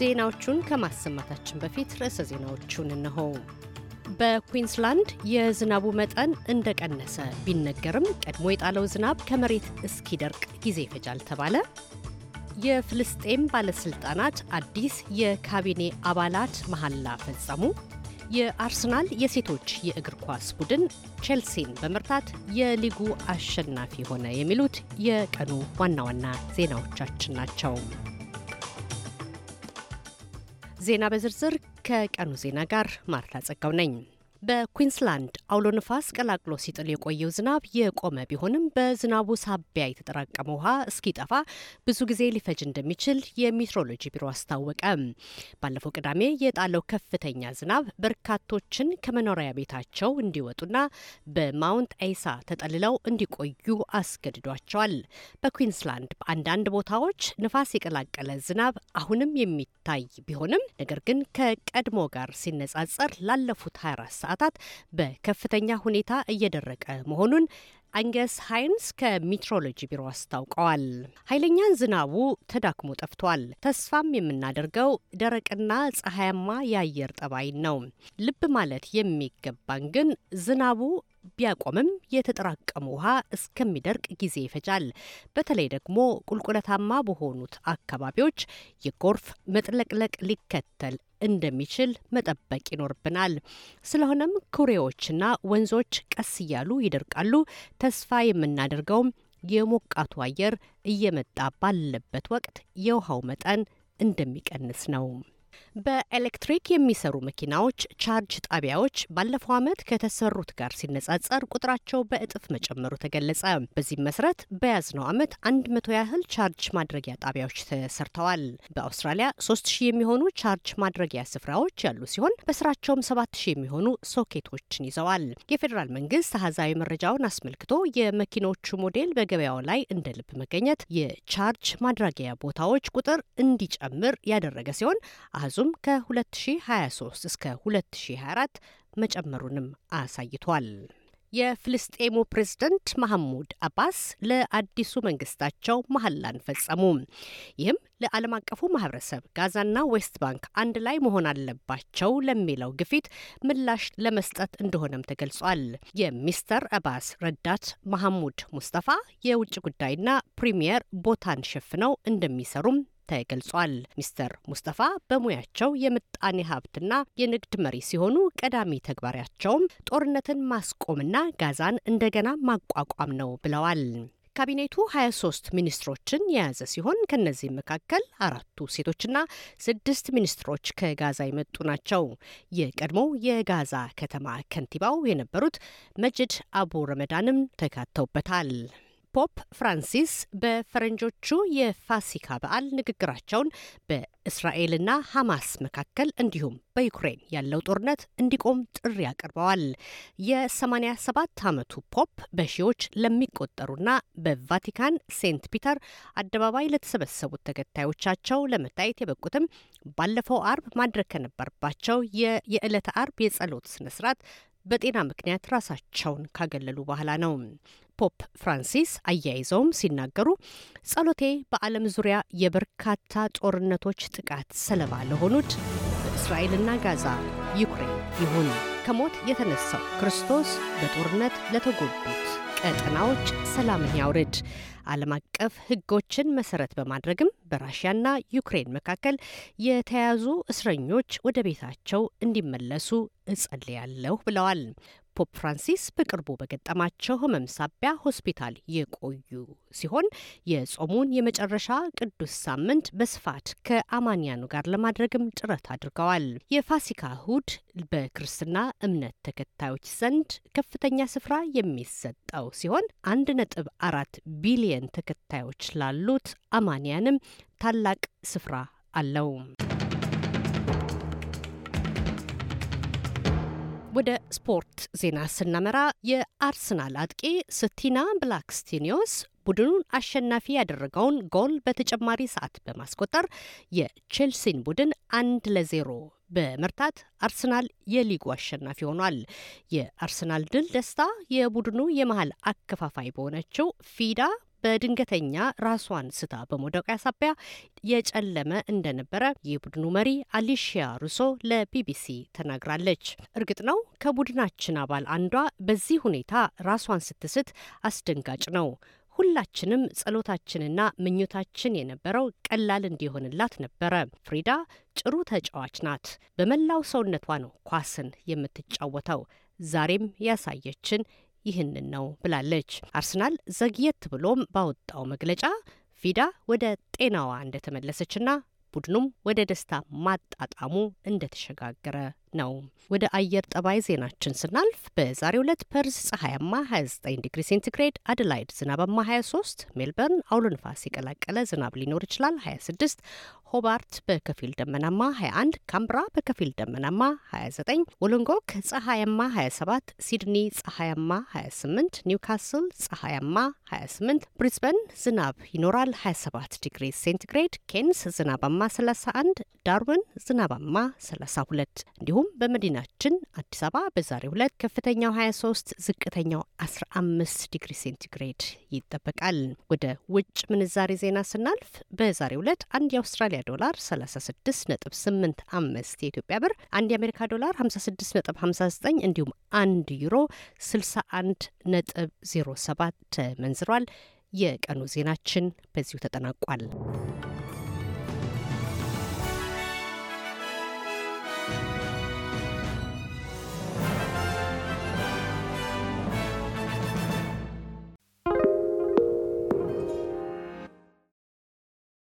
ዜናዎቹን ከማሰማታችን በፊት ርዕሰ ዜናዎቹን እነሆ። በኩዊንስላንድ የዝናቡ መጠን እንደቀነሰ ቢነገርም ቀድሞ የጣለው ዝናብ ከመሬት እስኪደርቅ ጊዜ ይፈጃል ተባለ። የፍልስጤም ባለሥልጣናት አዲስ የካቢኔ አባላት መሐላ ፈጸሙ። የአርሰናል የሴቶች የእግር ኳስ ቡድን ቼልሲን በመርታት የሊጉ አሸናፊ ሆነ። የሚሉት የቀኑ ዋና ዋና ዜናዎቻችን ናቸው። ዜና በዝርዝር ከቀኑ ዜና ጋር ማርታ ጸጋው ነኝ። በኩዊንስላንድ አውሎ ንፋስ ቀላቅሎ ሲጥል የቆየው ዝናብ የቆመ ቢሆንም በዝናቡ ሳቢያ የተጠራቀመ ውሃ እስኪጠፋ ብዙ ጊዜ ሊፈጅ እንደሚችል የሚትሮሎጂ ቢሮ አስታወቀ። ባለፈው ቅዳሜ የጣለው ከፍተኛ ዝናብ በርካቶችን ከመኖሪያ ቤታቸው እንዲወጡና በማውንት አይሳ ተጠልለው እንዲቆዩ አስገድዷቸዋል። በኩዊንስላንድ በአንዳንድ ቦታዎች ንፋስ የቀላቀለ ዝናብ አሁንም የሚታይ ቢሆንም ነገር ግን ከቀድሞ ጋር ሲነጻጸር ላለፉት 24 ሰዓታት በከፍተኛ ሁኔታ እየደረቀ መሆኑን አንገስ ሃይንስ ከሚትሮሎጂ ቢሮ አስታውቀዋል። ኃይለኛ ዝናቡ ተዳክሞ ጠፍቷል። ተስፋም የምናደርገው ደረቅና ፀሐያማ የአየር ጠባይን ነው። ልብ ማለት የሚገባን ግን ዝናቡ ቢያቆምም የተጠራቀመ ውሃ እስከሚደርቅ ጊዜ ይፈጃል። በተለይ ደግሞ ቁልቁለታማ በሆኑት አካባቢዎች የጎርፍ መጥለቅለቅ ሊከተል እንደሚችል መጠበቅ ይኖርብናል። ስለሆነም ኩሬዎችና ወንዞች ቀስ እያሉ ይደርቃሉ። ተስፋ የምናደርገውም የሞቃቱ አየር እየመጣ ባለበት ወቅት የውሃው መጠን እንደሚቀንስ ነው። በኤሌክትሪክ የሚሰሩ መኪናዎች ቻርጅ ጣቢያዎች ባለፈው ዓመት ከተሰሩት ጋር ሲነጻጸር ቁጥራቸው በእጥፍ መጨመሩ ተገለጸ። በዚህም መሰረት በያዝነው ዓመት አንድ መቶ ያህል ቻርጅ ማድረጊያ ጣቢያዎች ተሰርተዋል። በአውስትራሊያ ሶስት ሺህ የሚሆኑ ቻርጅ ማድረጊያ ስፍራዎች ያሉ ሲሆን በስራቸውም ሰባት ሺህ የሚሆኑ ሶኬቶችን ይዘዋል። የፌዴራል መንግስት አሃዛዊ መረጃውን አስመልክቶ የመኪኖቹ ሞዴል በገበያው ላይ እንደ ልብ መገኘት የቻርጅ ማድረጊያ ቦታዎች ቁጥር እንዲጨምር ያደረገ ሲሆን አሃዙም ከ2023 እስከ 2024 መጨመሩንም አሳይቷል። የፍልስጤሙ ፕሬዝደንት መሐሙድ አባስ ለአዲሱ መንግስታቸው መሐላን ፈጸሙ። ይህም ለዓለም አቀፉ ማህበረሰብ ጋዛና ዌስት ባንክ አንድ ላይ መሆን አለባቸው ለሚለው ግፊት ምላሽ ለመስጠት እንደሆነም ተገልጿል። የሚስተር አባስ ረዳት መሐሙድ ሙስጠፋ የውጭ ጉዳይና ፕሪምየር ቦታን ሸፍነው እንደሚሰሩም ተገልጿል። ሚስተር ሙስጠፋ በሙያቸው የምጣኔ ሀብትና የንግድ መሪ ሲሆኑ ቀዳሚ ተግባራቸውም ጦርነትን ማስቆምና ጋዛን እንደገና ማቋቋም ነው ብለዋል። ካቢኔቱ 23 ሚኒስትሮችን የያዘ ሲሆን ከነዚህም መካከል አራቱ ሴቶችና ስድስት ሚኒስትሮች ከጋዛ የመጡ ናቸው። የቀድሞ የጋዛ ከተማ ከንቲባው የነበሩት መጅድ አቡ ረመዳንም ተካተውበታል። ፖፕ ፍራንሲስ በፈረንጆቹ የፋሲካ በዓል ንግግራቸውን በእስራኤልና ሐማስ መካከል እንዲሁም በዩክሬን ያለው ጦርነት እንዲቆም ጥሪ አቅርበዋል። የ87 ዓመቱ ፖፕ በሺዎች ለሚቆጠሩና በቫቲካን ሴንት ፒተር አደባባይ ለተሰበሰቡት ተከታዮቻቸው ለመታየት የበቁትም ባለፈው አርብ ማድረግ ከነበረባቸው የዕለተ አርብ የጸሎት ስነስርዓት በጤና ምክንያት ራሳቸውን ካገለሉ በኋላ ነው። ፖፕ ፍራንሲስ አያይዘውም ሲናገሩ ጸሎቴ በዓለም ዙሪያ የበርካታ ጦርነቶች ጥቃት ሰለባ ለሆኑት በእስራኤልና ጋዛ፣ ዩክሬን ይሁን። ከሞት የተነሳው ክርስቶስ በጦርነት ለተጎዱት ቀጠናዎች ሰላምን ያውርድ። ዓለም አቀፍ ሕጎችን መሰረት በማድረግም በራሽያና ዩክሬን መካከል የተያዙ እስረኞች ወደ ቤታቸው እንዲመለሱ እጸልያለሁ ብለዋል። ፖፕ ፍራንሲስ በቅርቡ በገጠማቸው ህመም ሳቢያ ሆስፒታል የቆዩ ሲሆን የጾሙን የመጨረሻ ቅዱስ ሳምንት በስፋት ከአማንያኑ ጋር ለማድረግም ጥረት አድርገዋል። የፋሲካ እሁድ በክርስትና እምነት ተከታዮች ዘንድ ከፍተኛ ስፍራ የሚሰጠው ሲሆን አንድ ነጥብ አራት ቢሊየን ተከታዮች ላሉት አማንያንም ታላቅ ስፍራ አለው። ወደ ስፖርት ዜና ስናመራ የአርሰናል አጥቂ ስቲና ብላክስቲኒዮስ ቡድኑን አሸናፊ ያደረገውን ጎል በተጨማሪ ሰዓት በማስቆጠር የቼልሲን ቡድን አንድ ለዜሮ በመርታት አርሰናል የሊጉ አሸናፊ ሆኗል። የአርሰናል ድል ደስታ የቡድኑ የመሀል አከፋፋይ በሆነችው ፊዳ በድንገተኛ ራሷን ስታ በመውደቂያ ሳቢያ የጨለመ እንደነበረ የቡድኑ መሪ አሊሺያ ሩሶ ለቢቢሲ ተናግራለች። እርግጥ ነው ከቡድናችን አባል አንዷ በዚህ ሁኔታ ራሷን ስትስት አስደንጋጭ ነው። ሁላችንም ጸሎታችንና ምኞታችን የነበረው ቀላል እንዲሆንላት ነበረ። ፍሪዳ ጭሩ ተጫዋች ናት። በመላው ሰውነቷ ነው ኳስን የምትጫወተው። ዛሬም ያሳየችን ይህንን ነው ብላለች። አርሰናል ዘግየት ብሎም ባወጣው መግለጫ ቪዳ ወደ ጤናዋ እንደተመለሰችና ቡድኑም ወደ ደስታ ማጣጣሙ እንደተሸጋገረ ነው። ወደ አየር ጠባይ ዜናችን ስናልፍ በዛሬው ዕለት ፐርዝ ፀሐያማ 29 ዲግሪ ሴንቲግሬድ፣ አደላይድ ዝናባማ 23፣ ሜልበርን አውሎ ንፋስ የቀላቀለ ዝናብ ሊኖር ይችላል 26፣ ሆባርት በከፊል ደመናማ 21፣ ካምብራ በከፊል ደመናማ 29፣ ወሎንጎክ ፀሐያማ 27፣ ሲድኒ ፀሐያማ 28፣ ኒውካስል ፀሐያማ 28፣ ብሪዝበን ዝናብ ይኖራል 27 ዲግሪ ሴንቲግሬድ፣ ኬንስ ዝናባማ 31፣ ዳርዊን ዝናባማ 32 እንዲሁም እንዲሁም በመዲናችን አዲስ አበባ በዛሬው ዕለት ከፍተኛው 23 ዝቅተኛው 15 ዲግሪ ሴንቲግሬድ ይጠበቃል። ወደ ውጭ ምንዛሬ ዜና ስናልፍ በዛሬው ዕለት አንድ የአውስትራሊያ ዶላር 36.85 የኢትዮጵያ ብር፣ አንድ የአሜሪካ ዶላር 56.59 እንዲሁም አንድ ዩሮ 07 ተመንዝሯል። የቀኑ ዜናችን በዚሁ ተጠናቋል።